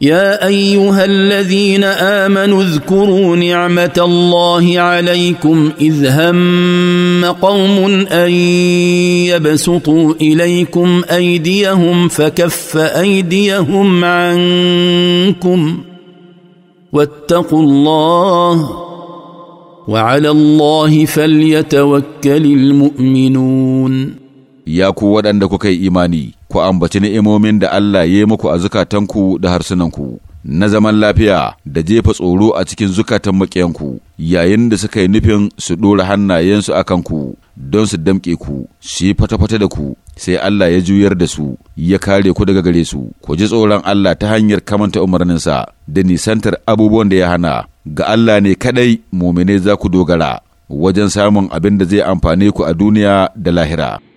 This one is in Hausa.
يا ايها الذين امنوا اذكروا نعمه الله عليكم اذ هم قوم ان يبسطوا اليكم ايديهم فكف ايديهم عنكم واتقوا الله وعلى الله فليتوكل المؤمنون ya ku waɗanda kuka yi imani, ku ambaci ni'imomin da Allah ya yi muku a zukatanku da harsunanku, na zaman lafiya da jefa tsoro a cikin zukatan maƙiyanku, yayin da suka yi nufin su ɗora hannayensu a kanku don su damƙe ku, su yi fata-fata da ku, sai Allah ya juyar da su, ya kare ku daga gare su, ku ji tsoron Allah ta hanyar kamanta umarninsa da nisantar abubuwan da ya hana, ga Allah ne kaɗai mumine za ku dogara. wajen samun abin da zai amfane ku a duniya da lahira.